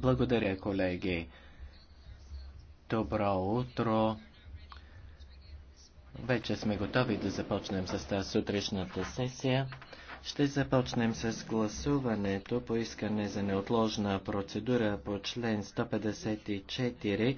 Благодаря, колеги. Добро утро. Вече сме готови да започнем с тази сутрешната сесия. Ще започнем с гласуването по искане за неотложна процедура по член 154